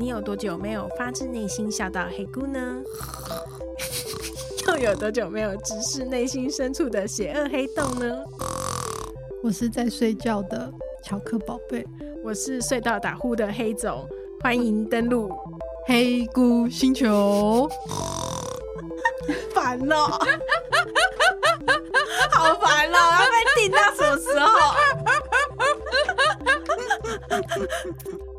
你有多久沒有發自內心笑到黑菇呢？ 又有多久沒有直視內心深處的邪惡黑洞呢？我是在睡覺的巧克寶貝，我是睡到打呼的黑總，歡迎登錄黑菇星球。煩 煩了， 好煩哦，要被頂到什麼時候？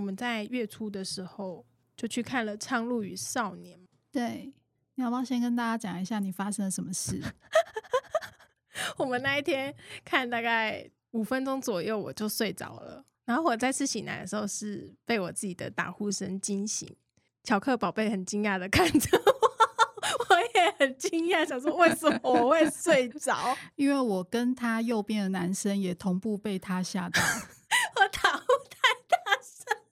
我們在月初的時候就去看了《蒼鷺與少年》。對，你要不要先跟大家講一下你發生了什麼事？ 我們那一天看大概五分鐘左右，我就睡着了。然後我再次醒來的時候，是被我自己的打呼聲驚醒。巧克寶貝很驚訝的看着我，我也很驚訝，想說為什麼我會睡着？ 因為我跟他右邊的男生也同步被他嚇到。 我打。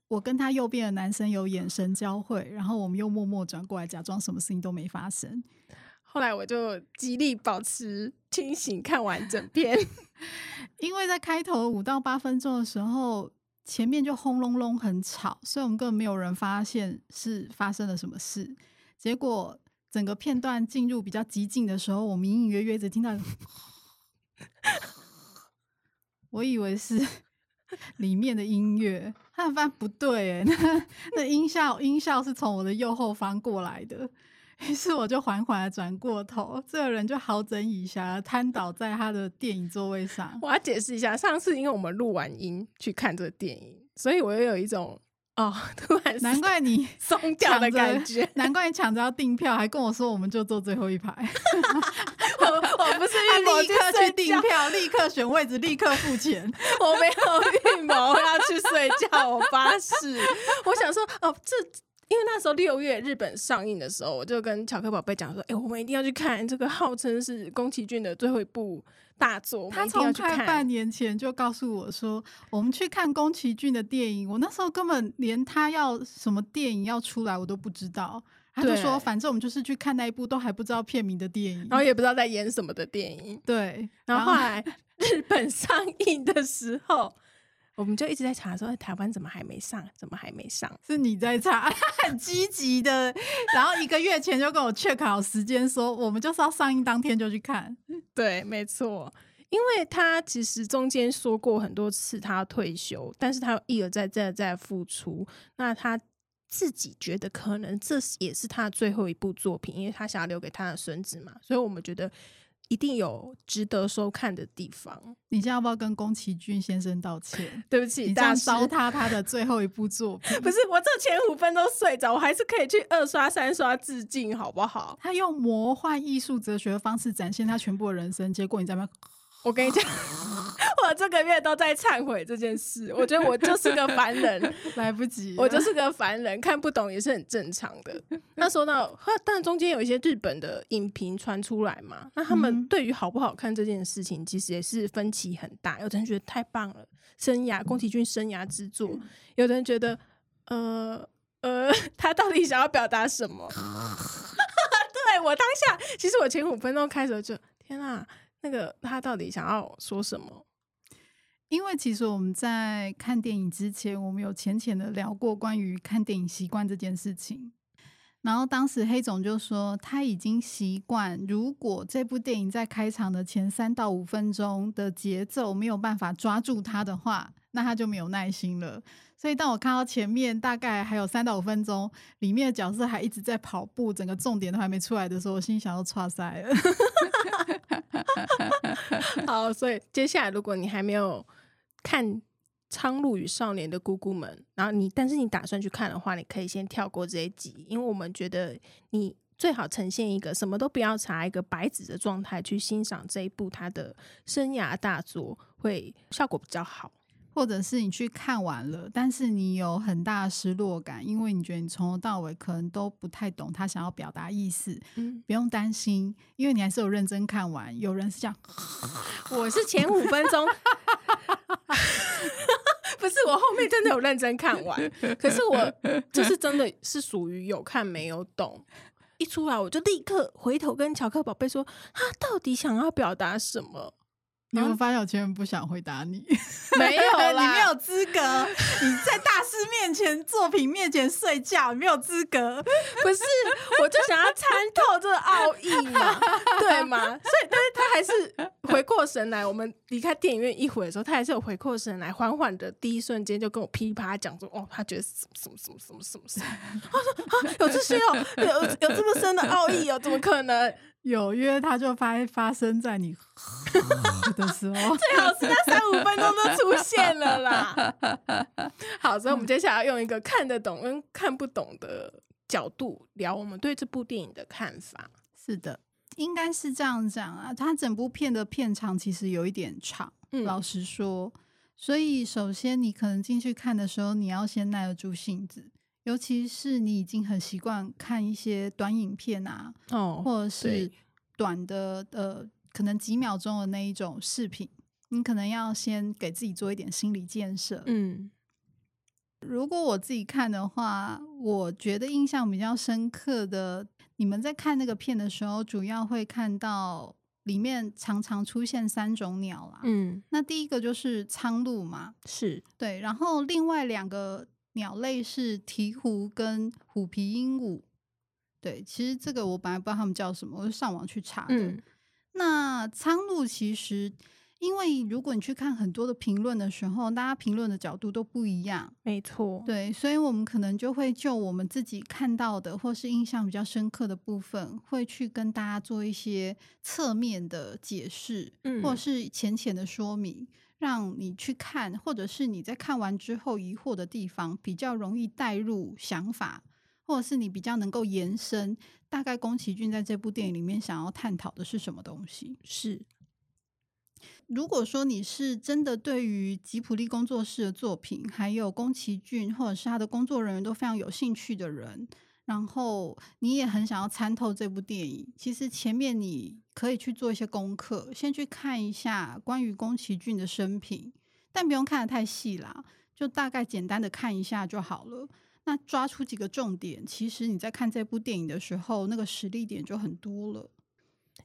我跟他右邊的男生有眼神交匯，然後我們又默默轉過來，假裝什麼事情都沒發生。後來我就極力保持清醒，看完整片。 因為在開頭五到八分鐘的時候，前面就轟隆隆很吵，所以我們根本沒有人發現是發生了什麼事。結果整個片段進入比較激進的時候，我們隱隱約約的聽到， 我以為是 裡面的音樂。那番不對誒、欸，那那音效 音效是從我的右後方過來的，於是我就緩緩的轉過頭，這個人就好整以暇癱倒在他的電影座位上。我要解釋一下，上次因為我們錄完音去看這個電影，所以我又有一種。哦，難怪你鬆掉的感覺，難怪你搶着要訂票，還跟我說我們就坐最後一排。 我我不是預謀、啊、立刻去訂票去，立刻選位置，立刻付錢。 我沒有預謀 要去睡覺，我發誓。 我想說，哦，這。因為那時候六月日本上映的時候，我就跟巧克力寶貝講說：“哎、欸，我們一定要去看這個號稱是宮崎駿的最後一部大作。去”他從快半年前就告訴我說：“我們去看宮崎駿的電影。”我那時候根本連他要什麼電影要出來我都不知道，他就說：“反正我們就是去看那一部都還不知道片名的電影，然後也不知道在演什麼的電影。”對，然後後來日本上映的時候。我們就一直在查說，說、欸、台灣怎麼還沒上？怎麼還沒上？是你在查，啊、很積極的。 然後一個月前就跟我確認時間，說我們就是要上映當天就去看。對，沒錯，因為他其實中間說過很多次他退休，但是他有一而再而再復出。那他自己覺得可能這也是他最後一部作品，因為他想要留給他的孫子嘛。所以，我們覺得。一定有值得收看的地方。你現在要不要跟宮崎駿先生道歉？ 對不起，你這樣糟蹋他，他的最後一部作品。 不是，我這前五分鐘睡着，我還是可以去二刷、三刷致敬，好不好？他用魔幻藝術哲學的方式展現他全部的人生，結果你在那邊咳？我跟你講，我這個月都在懺悔這件事。我覺得我就是個凡人， 來不及啊。我就是個凡人，看不懂也是很正常的。那說到，但中間有一些日本的影評傳出來嘛，那他們對於好不好看這件事情，其實也是分歧很大。有人覺得太棒了，生涯宮崎駿生涯之作，有人覺得，呃呃，他到底想要表達什麼？ 對，我當下，其實我前五分鐘開始就，天哪啊！那個，他到底想要說什麼？因為其實我們在看電影之前，我們有淺淺的聊過關於看電影習慣這件事情。然後當時黑總就說他已經習慣，如果這部電影在開場的前三到五分鐘的節奏沒有辦法抓住他的話，那他就沒有耐心了。所以當我看到前面大概還有三到五分鐘，裡面的角色還一直在跑步，整個重點都還沒出來的時候，我心想要挫賽了！ 」 好，所以接下來如果你還沒有看《蒼鷺與少年》的姑姑們，然後你但是你打算去看的話，你可以先跳過這一集，因為我們覺得你最好呈現一個什麼都不要查，一個白紙的狀態去欣賞這一部他的生涯大作，會效果比較好。或者是你去看完了，但是你有很大的失落感，因為你覺得你從頭到尾可能都不太懂他想要表達意思。嗯，不用擔心，因為你還是有認真看完。有人是這樣，我是前五分鐘， 不是我後面真的有認真看完， 可是我就是真的是屬於有看沒有懂。一出來我就立刻回頭跟喬克寶貝說，他、啊、到底想要表達什麼？你有，沒有發現，前面不想回答你，哦、沒有啦， 你沒有資格，你在大師面前， 作品面前睡覺沒有資格，不是，我就想要參透這個奧義嘛， 對嗎？所以，但是他還是回過神來。我們離開電影院一回的時候，他還是有回過神來，緩緩的第一瞬間就跟我噼啪講說：“哦，他覺得什麼什麼什麼什麼什麼，他、啊、說啊，有這些哦，有有這麼深的奧義哦，怎麼可能？有因為他就發發生在你。 ” 最好是那三五分鐘就出現了啦。 好，所以我們接下來要用一個看得懂跟看不懂的角度聊我們對這部電影的看法。是的，應該是這樣講啊。它整部片的片長其實有一點長，嗯、老實說。所以首先，你可能進去看的時候，你要先耐得住性子，尤其是你已經很習慣看一些短影片啊，哦，或者是短的呃。可能幾秒鐘的那一種視頻，你可能要先給自己做一點心理建設。嗯，如果我自己看的話，我覺得印象比較深刻的，你們在看那個片的時候，主要會看到裡面常常出現三種鳥啦。嗯，那第一個就是蒼鷺嘛，是對，然後另外兩個鳥類是鵜鶘跟虎皮鸚鵡。對，其實這個我本來不知道它們叫什麼，我就上網去查的。嗯那蒼鷺其實，因為如果你去看很多的評論的時候，大家評論的角度都不一樣，沒錯，對，所以我們可能就會就我們自己看到的，或是印象比較深刻的部分，會去跟大家做一些側面的解釋，嗯，或是淺淺的說明，讓你去看，或者是你在看完之後疑惑的地方，比較容易帶入想法。或者是你比較能夠延伸，大概宮崎駿在這部電影裡面想要探討的是什麼東西？是，如果說你是真的對於吉卜力工作室的作品，還有宮崎駿或者是他的工作人員都非常有興趣的人，然後你也很想要參透這部電影，其實前面你可以去做一些功課，先去看一下關於宮崎駿的生平，但不用看得太細啦，就大概簡單的看一下就好了。那抓出幾個重點，其實你在看這部電影的時候，那個實力點就很多了。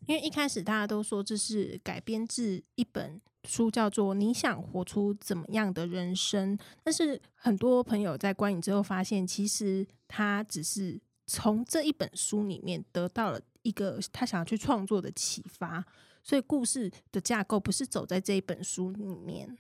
因為一開始大家都說這是改編自一本書，叫做《你想活出怎麼樣的人生》，但是很多朋友在觀影之後發現，其實他只是從這一本書裡面得到了一個他想要去創作的啟發，所以故事的架構不是走在這一本書裡面。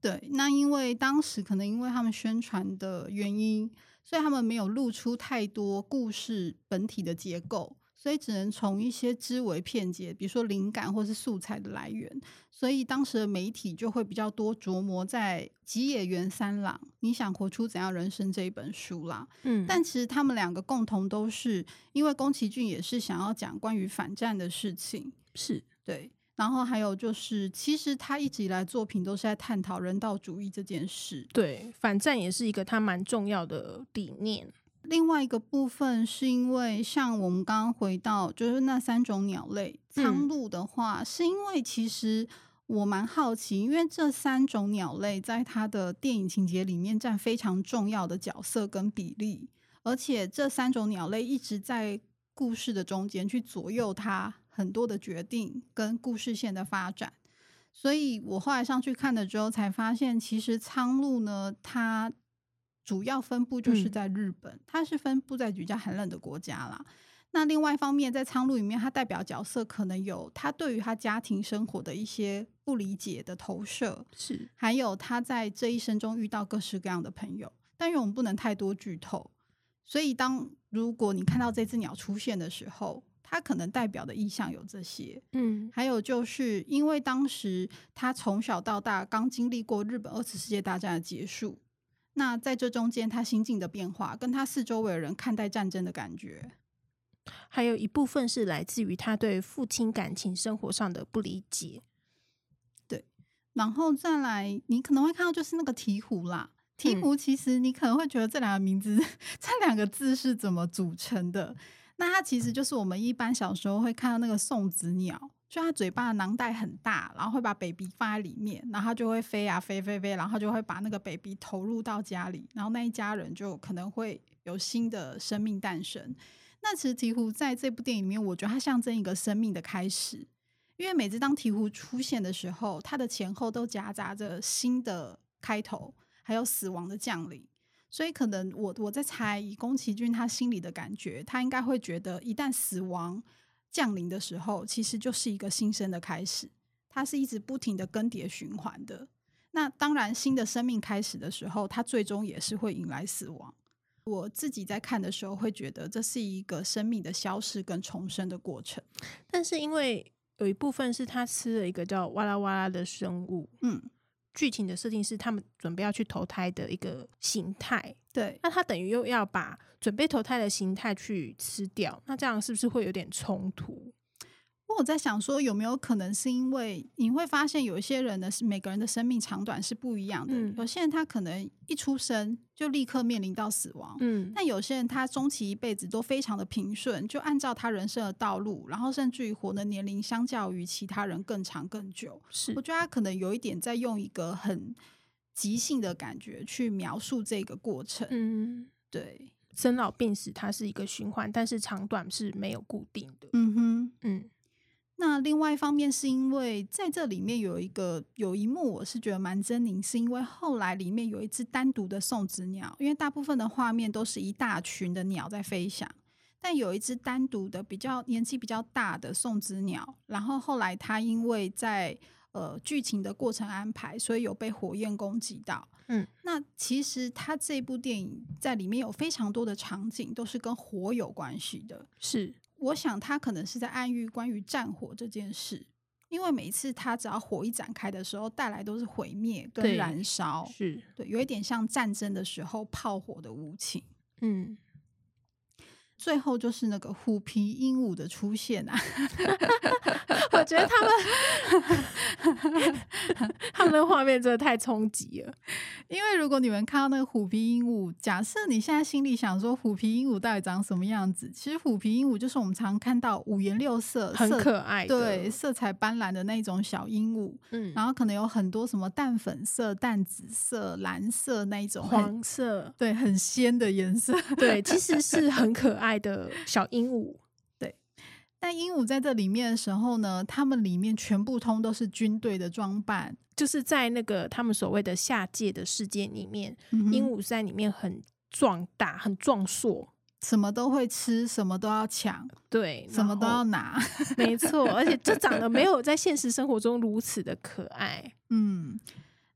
對，那因為當時可能因為他們宣傳的原因。所以他們沒有露出太多故事本體的結構，所以只能從一些枝微末節，比如說靈感或是素材的來源。所以當時的媒體就會比較多琢磨在吉野源三郎《你想活出怎樣人生》這一本書啦。嗯。但其實他們兩個共同都是因為宮崎駿也是想要講關於反戰的事情，是對。然後還有就是，其實他一直以來作品都是在探討人道主義這件事，對，反戰也是一個他蠻重要的理念。另外一個部分是因為，像我們剛剛回到，就是那三種鳥類，蒼鷺的話，嗯，是因為其實我蠻好奇，因為這三種鳥類在他的電影情節裡面佔非常重要的角色跟比例，而且這三種鳥類一直在故事的中間去左右他，很多的決定跟故事線的發展，所以我後來上去看了之後，才發現其實蒼鷺呢，它主要分布就是在日本，嗯，它是分布在比較寒冷的國家啦。那另外一方面，在蒼鷺裡面，它代表角色可能有他對於他家庭生活的一些不理解的投射，是還有他在這一生中遇到各式各樣的朋友。但是我們不能太多劇透，所以當如果你看到這隻鳥出現的時候。他可能代表的意向有這些，嗯，還有就是因為當時他從小到大剛經歷過日本二次世界大戰的結束，那在這中間他心境的變化，跟他四周圍人看待戰爭的感覺，還有一部分是來自於他對父親感情生活上的不理解，對，然後再來你可能會看到就是那個鵜鶘啦，鵜鶘其實你可能會覺得這兩個名字、嗯、 這兩個字是怎麼組成的。那它其實就是我們一般小時候會看到那個送子鳥，就它嘴巴的囊袋很大，然後會把 baby 放在裡面，然後它就會飛啊飛飛飛，然後就會把那個 baby 投入到家裡，然後那一家人就可能會有新的生命誕生。那其實鵜鶘在這部電影裡面，我覺得它象徵一個生命的開始，因為每次當鵜鶘出現的時候，它的前後都夾雜着新的開頭，還有死亡的降臨。所以，可能我我在猜，宮崎駿他心裡的感覺，他應該會覺得，一旦死亡降臨的時候，其實就是一個新生的開始，它是一直不停的更迭循環的。那當然，新的生命開始的時候，它最終也是會迎來死亡。我自己在看的時候，會覺得這是一個生命的消失跟重生的過程。但是，因為有一部分是他吃了一個叫哇啦哇啦的生物，嗯。劇情的設定是他們準備要去投胎的一個形態，對，那他等於又要把準備投胎的形態去吃掉，那這樣是不是會有點衝突？我在想說，有沒有可能是因為你會發現有些人呢是每個人的生命長短是不一樣的。嗯，有些人他可能一出生就立刻面臨到死亡，嗯，但有些人他終其一輩子都非常的平順，就按照他人生的道路，然後甚至於活的年齡相較於其他人更長更久。是，我覺得他可能有一點在用一個很即興的感覺去描述這個過程。嗯，對，生老病死它是一個循環，但是長短是沒有固定的。嗯哼，嗯。那另外一方面是因為在這裡面有一個有一幕我是覺得蠻猙獰，是因為後來裡面有一隻單獨的送子鳥，因為大部分的畫面都是一大群的鳥在飛翔，但有一隻單獨的比較年紀比較大的送子鳥，然後後來它因為在呃劇情的過程安排，所以有被火焰攻擊到。嗯，那其實它這部電影在裡面有非常多的場景都是跟火有關係的，是。我想他可能是在暗喻關於戰火這件事，因為每一次他只要火一展開的時候，帶來都是毀滅跟燃燒，是，對，有一點像戰爭的時候炮火的無情，嗯。最後就是那個虎皮鸚鵡的出現啊 我覺得他們， 他們的畫面真的太衝擊了。 因為如果你們看到那個虎皮鸚鵡，假設你現在心裡想說虎皮鸚鵡到底長什麼樣子，其實虎皮鸚鵡就是我們常看到五顏六色，色、很可愛，對，色彩斑斕的那一種小鸚鵡。嗯，然後可能有很多什麼淡粉色、淡紫色、藍色那一種，黃色，對，很鮮的顏色， 對，其實是很可愛。 愛的小鸚鵡，對。但鸚鵡在這裡面的時候呢，他們裡面全部通都是軍隊的裝扮，就是在那個他們所謂的下界的世界裡面，嗯、鸚鵡在裡面很壯大、很壯碩，什麼都會吃，什麼都要搶，對，什麼都要拿，沒錯。而且這長得沒有在現實生活中如此的可愛，嗯。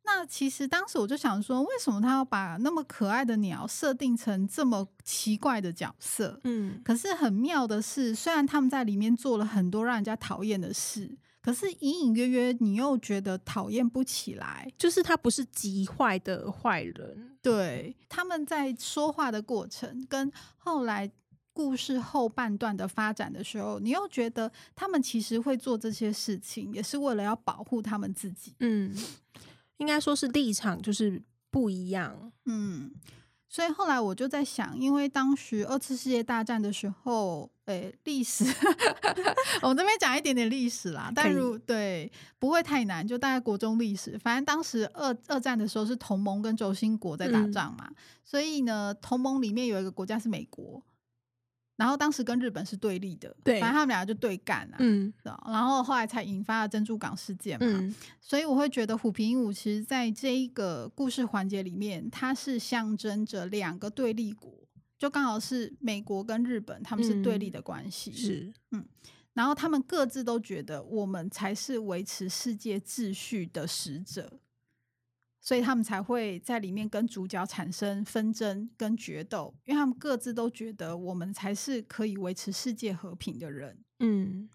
那其實當時我就想說，為什麼他要把那麼可愛的鳥設定成這麼奇怪的角色？嗯，可是很妙的是，雖然他們在裡面做了很多讓人家討厭的事，可是隱隱約約你又覺得討厭不起來，就是他不是極壞的壞人。對，他們在說話的過程跟後來故事後半段的發展的時候，你又覺得他們其實會做這些事情，也是為了要保護他們自己。嗯。應該說是立場就是不一樣，嗯，所以後來我就在想，因為當時二次世界大戰的時候，哎、欸，歷史 我們這邊講一點點歷史啦，但如對不會太難，就大概國中歷史，反正當時二二戰的時候是同盟跟軸心國在打仗嘛、嗯，所以呢，同盟裡面有一個國家是美國。然後當時跟日本是對立的，對，反正他們倆就對幹啊，嗯、然後後來才引發了珍珠港事件嘛，嗯、所以我會覺得虎皮鸚鵡其實在這一個故事環節裡面，它是象徵着兩個對立國，就剛好是美國跟日本，他們是對立的關係，嗯、是，嗯，然後他們各自都覺得我們才是維持世界秩序的使者。所以他們才會在裡面跟主角產生紛爭跟決鬥，因為他們各自都覺得我們才是可以維持世界和平的人。嗯，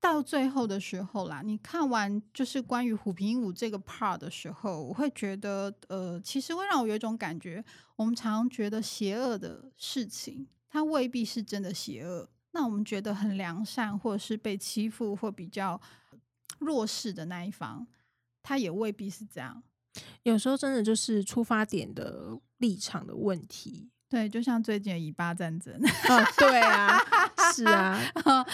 到最後的時候啦，你看完就是關於虎皮鸚鵡這個 part 的時候，我會覺得，呃，其實會讓我有一種感覺，我們常常覺得邪惡的事情，它未必是真的邪惡，那我們覺得很良善，或者是被欺負或比較弱勢的那一方，他也未必是這樣。有時候真的就是出發點的立場的問題，對，就像最近的以巴戰爭、 哦、對啊， 是啊、哦，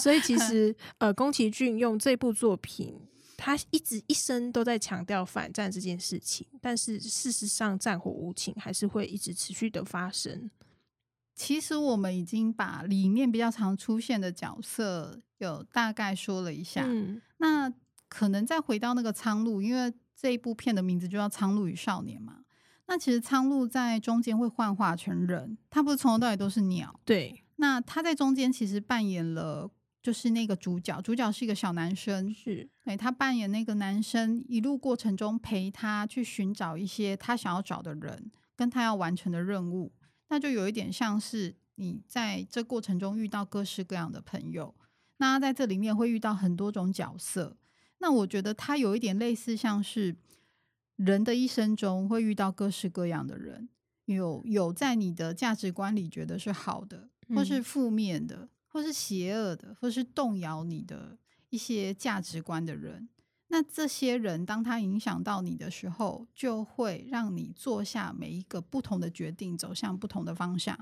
所以其實 呃，宮崎駿用這部作品，他一直一生都在強調反戰這件事情，但是事實上戰火無情，還是會一直持續的發生。其實我們已經把裡面比較常出現的角色有大概說了一下，嗯、那可能再回到那個蒼鷺，因為。這一部片的名字就叫《蒼鷺與少年》嘛。那其實蒼鷺在中間會幻化成人，它不是從頭到尾都是鳥。對。那他在中間其實扮演了，就是那個主角。主角是一個小男生。是。哎、欸，他扮演那個男生，一路過程中陪他去尋找一些他想要找的人，跟他要完成的任務。那就有一點像是你在這過程中遇到各式各樣的朋友。那他在這裡面會遇到很多種角色。那我覺得他有一點類似，像是人的一生中會遇到各式各樣的人，有有在你的價值觀裡覺得是好的，或是負面的，或是邪惡的，或是動搖你的一些價值觀的人。那這些人當他影響到你的時候，就會讓你做下每一個不同的決定，走向不同的方向。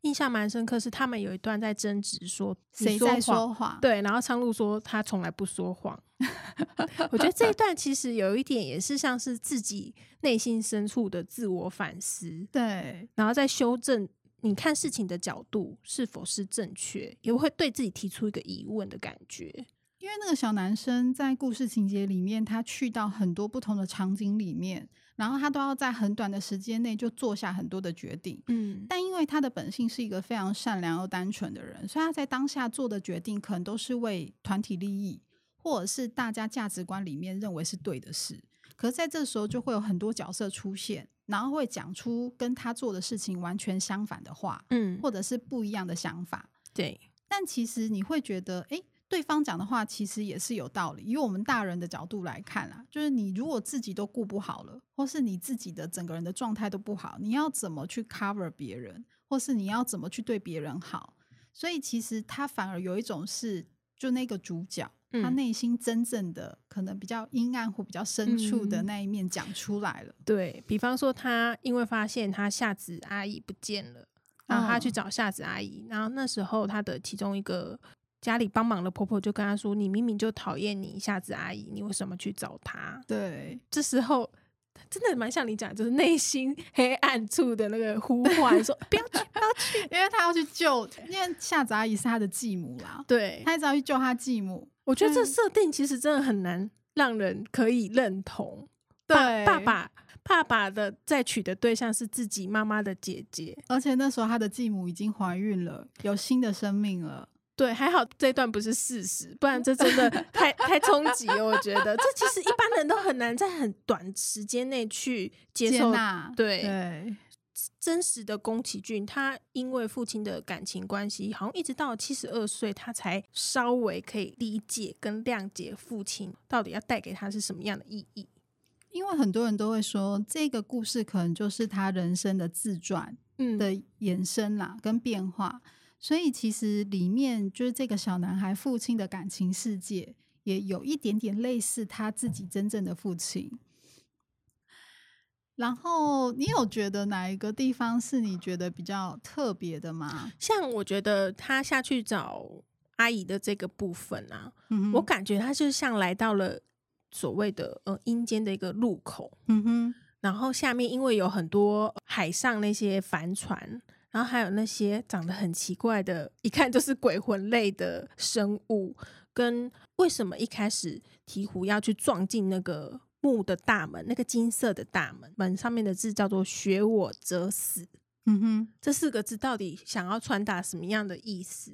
印象蠻深刻是他們有一段在爭執說，誰說誰在說謊？對，然後蒼鷺說他從來不說謊。 我覺得這一段其實有一點也是像是自己內心深處的自我反思，對，然後再修正你看事情的角度是否是正確，也會對自己提出一個疑問的感覺。因為那個小男生在故事情節裡面，他去到很多不同的場景裡面，然後他都要在很短的時間內就做下很多的決定，嗯，但因為他的本性是一個非常善良又單純的人，所以他在當下做的決定可能都是為團體利益。或者是大家價值觀裡面認為是對的事，可是在這時候就會有很多角色出現，然後會講出跟他做的事情完全相反的話，嗯，或者是不一樣的想法，對。但其實你會覺得，欸，對方講的話其實也是有道理，以我們大人的角度來看啊，就是你如果自己都顧不好了，或是你自己的整個人的狀態都不好，你要怎麼去 cover 別人，或是你要怎麼去對別人好？所以其實他反而有一種是就那個主角。嗯、他內心真正的可能比較陰暗或比較深處的那一面講出來了。嗯、對，比方說，他因為發現他夏子阿姨不見了，然後他去找夏子阿姨，嗯，然後那時候他的其中一個家裡幫忙的婆婆就跟他說：“你明明就討厭你夏子阿姨，你為什麼去找她？”對，這時候真的蠻像你講，就是內心黑暗處的那個呼喚，說不要去，不要去，因為他要去救，因為夏子阿姨是他的繼母啦。對，他一直要去救他繼母。我覺得這設定其實真的很難讓人可以認同。對，爸爸爸，爸爸的再娶的對象是自己媽媽的姐姐，而且那時候他的繼母已經懷孕了，有新的生命了。對，還好這一段不是事實，不然這真的太 太衝擊。我覺得這其實一般人都很難在很短時間內去接受。對對。對真實的宮崎駿，他因為父親的感情關係，好像一直到七十二歲，他才稍微可以理解跟諒解父親到底要帶給他是什麼樣的意義。因為很多人都會說，這個故事可能就是他人生的自傳，嗯的延伸啦、嗯，跟變化。所以其實裡面就是這個小男孩父親的感情世界，也有一點點類似他自己真正的父親。然後你有覺得哪一個地方是你覺得比較特別的嗎？像我覺得他下去找阿姨的這個部分啊，嗯、我感覺他就像來到了所謂的呃陰間的一個路口。嗯哼，然後下面因為有很多海上那些帆船，然後還有那些長得很奇怪的，一看就是鬼魂類的生物。跟為什麼一開始鵜鶘要去撞進那個？墓的大門，那個金色的大門，門上面的字叫做“學我者死”。嗯哼，這四個字到底想要傳達什麼樣的意思？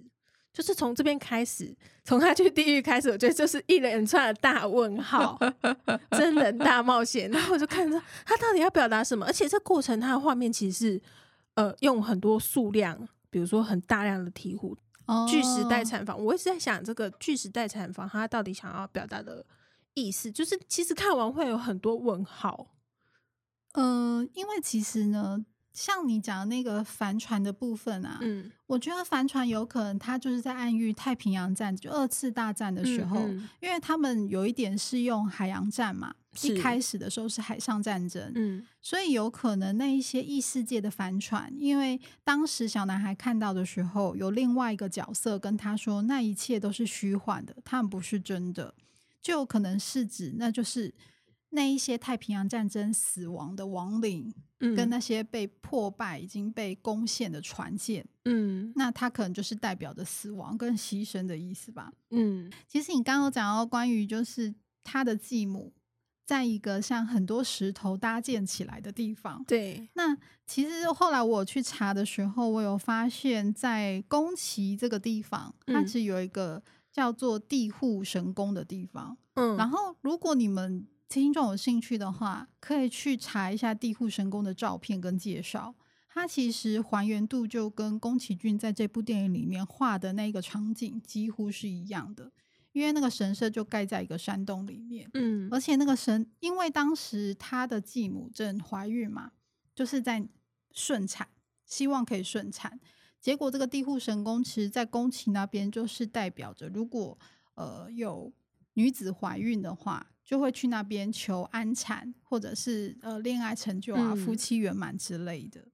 就是從這邊開始，從他去地獄開始，我覺得就是一連串的大問號， 真人大冒險。 然後我就看着他到底要表達什麼，而且這過程他的畫面其實是呃用很多數量，比如說很大量的鹈鶘、哦、巨石待產房。我一直在想，這個巨石待產房他到底想要表達的。意思就是，其實看完會有很多問號。嗯、呃，因為其實呢，像你講的那個帆船的部分啊，嗯，我覺得帆船有可能它就是在暗喻太平洋戰，就二次大戰的時候，嗯嗯，因為他們有一點是用海洋戰嘛，一開始的時候是海上戰爭，嗯，所以有可能那一些異世界的帆船，因為當時小男孩看到的時候，有另外一個角色跟他說，那一切都是虛幻的，他們不是真的。就可能是指，那就是那一些太平洋戰爭死亡的亡靈，嗯，跟那些被破敗、已經被攻陷的船艦，嗯，那它可能就是代表着死亡跟犧牲的意思吧。嗯，其實你剛剛有講到關於就是他的繼母，在一個像很多石頭搭建起來的地方，對。那其實後來我去查的時候，我有發現，在宮崎這個地方，它其實有一個。叫做地戶神宮的地方，嗯，然後如果你們聽眾有興趣的話，可以去查一下地戶神宮的照片跟介紹。它其實還原度就跟宮崎駿在這部電影裡面畫的那個場景幾乎是一樣的，因為那個神社就蓋在一個山洞裡面，嗯，而且那個神，因為當時他的繼母正懷孕嘛，就是在順產，希望可以順產。結果，這個地戶神宮其實，在宮崎那邊就是代表着，如果呃有女子懷孕的話，就會去那邊求安產，或者是呃戀愛成就啊、嗯、夫妻圓滿之類的。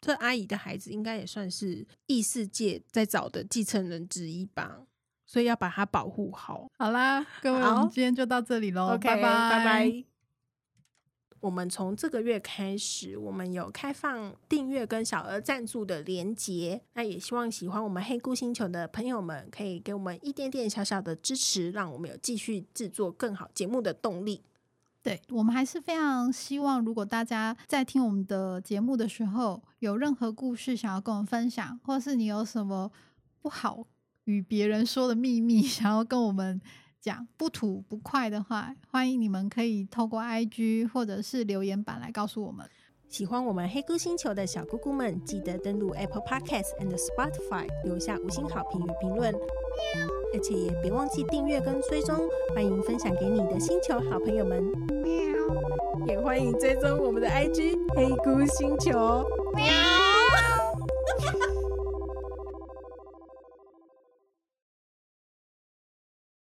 這、嗯、阿姨的孩子應該也算是異世界在找的繼承人之一吧，所以要把它保護好。好啦，各位，我們今天就到這裡嘍、okay，拜拜拜拜。我們從這個月開始，我們有開放訂閱跟小額贊助的連接。那也希望喜歡我們黑菇星球的朋友們，可以給我們一點點小小的支持，讓我們有繼續製作更好節目的動力。對，我們還是非常希望，如果大家在聽我們的節目的時候，有任何故事想要跟我們分享，或是你有什麼不好與別人說的秘密，想要跟我們。講不吐不快的話，歡迎你們可以透過 IG 或者是留言板來告訴我們。喜歡我們黑菇星球的小菇菇們，記得登錄 Apple Podcasts and Spotify，留下五星好評與評論喵。而且也別忘記訂閱跟追蹤，歡迎分享給你的星球好朋友們。喵。也歡迎追蹤我們的 IG 黑菇星球。喵。